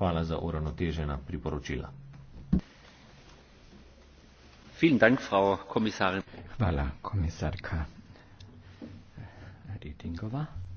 Hvala za uravnotežena priporočila. Dank, Frau Hvala, komisarka Redingova.